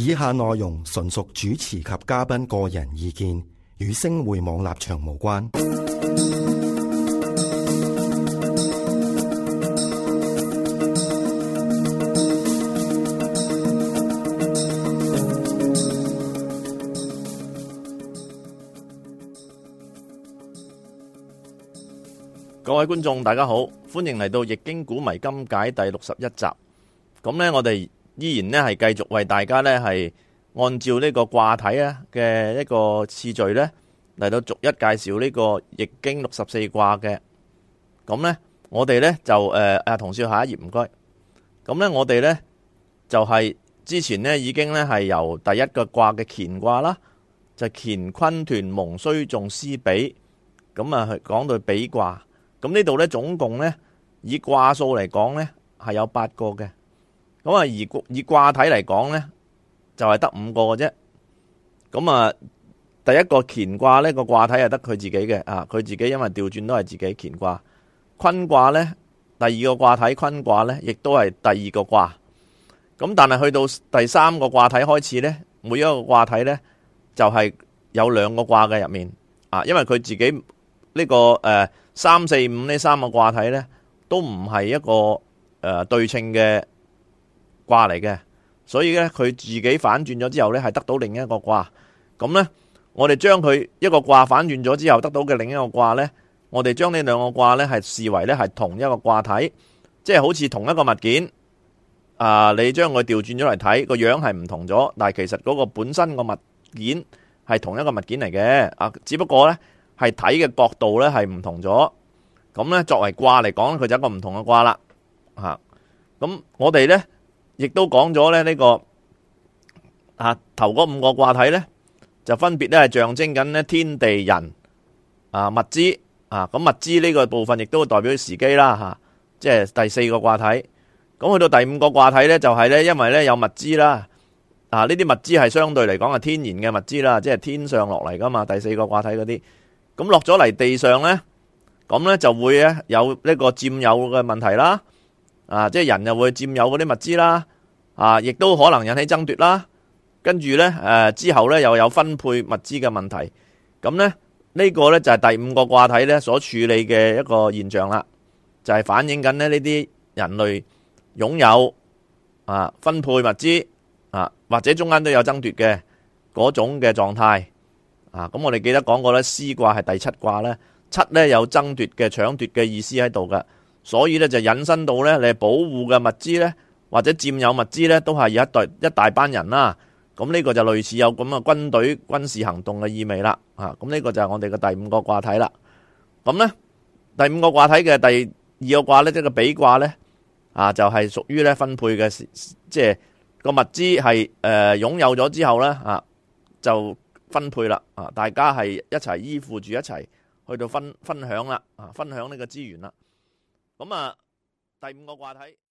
以下內容純屬主持及嘉賓個人意見，與星匯網立場無關。各位觀眾，大家好，歡迎嚟到《易經古謎今解》第六十一集。咁呢，我哋。依然咧係繼續為大家咧係按照呢個卦體啊嘅一個次序咧嚟到逐一介紹呢、這個易經六十四卦嘅。咁咧我哋咧就誒阿唐少下一頁唔該。咁咧我哋咧就係、是、之前咧已經咧係由第一個卦嘅乾卦啦，就是、乾坤屯蒙需訟師比，咁啊講到比卦。咁呢度咧總共咧以卦數嚟講咧係有八個嘅。咁啊，而以卦體嚟講呢就係得五個嘅啫。咁啊，第一個乾卦呢個卦體係得佢自己嘅啊。佢自己因為調轉都係自己乾卦、坤卦呢，第二個卦體坤卦呢，亦都係第二個卦。咁但係去到第三個卦體開始呢，每一個卦體呢，就係、是、有兩個卦嘅入面啊。因為佢自己呢、這個誒三四五呢三個卦體呢，都唔係一個誒、呃、對稱嘅。卦嚟嘅，所以呢，佢自己反轉咗之後呢，係得到另一個卦。咁呢，我哋將佢一個卦反轉咗之後得到嘅另一個卦呢，我哋將呢兩個卦呢，係視為呢係同一個卦體，即係好似同一個物件。啊，你將佢調轉咗嚟睇，個樣係唔同咗，但係其實嗰個本身個物件係同一個物件嚟嘅啊，只不過呢，係睇嘅角度呢，係唔同咗。咁呢，作為卦嚟講，佢就一個唔同嘅卦啦。吓，咁我哋呢。亦都講咗咧呢個啊頭嗰五個卦體咧，就分別咧係象徵緊咧天地人啊物資啊，咁物資呢個部分，亦都代表時機啦吓，即係第四個卦體。咁去到第五個卦體咧，就係咧因為咧有物資啦，啊呢啲物資係相對嚟講係天然嘅物資啦，即係天上落嚟㗎嘛。第四個卦體嗰啲咁落咗嚟地上咧，咁咧就會咧有呢個佔有嘅問題啦。啊，即係人又會佔有嗰啲物資啦，啊，亦都可能引起爭奪啦。啊，跟住呢，誒、啊、之後呢又有分配物資嘅問題。咁呢，呢、這個呢就係、是、第五個卦體呢所處理嘅一個現象啦，就係、是、反映緊呢啲人類擁有啊分配物資啊或者中間都有爭奪嘅嗰種嘅狀態。啊，咁、嗯、我哋記得講過呢，師卦係第七卦呢七呢有爭奪嘅、搶奪嘅意思喺度㗎。所以咧就引申到咧，你保護嘅物資咧，或者佔有物資咧，都係有一隊一大班人啦。咁呢個就類似有咁嘅軍隊軍事行動嘅意味啦。啊，咁呢個就係我哋嘅第五個卦體啦。咁咧第五個卦體嘅第二個卦咧，即係個比卦咧啊，就係屬於咧分配嘅，即係個物資係誒擁有咗之後咧啊就分配啦啊，大家係一齊依附住一齊去到分分享啦啊，分享呢個資源啦。咁啊第五個話題。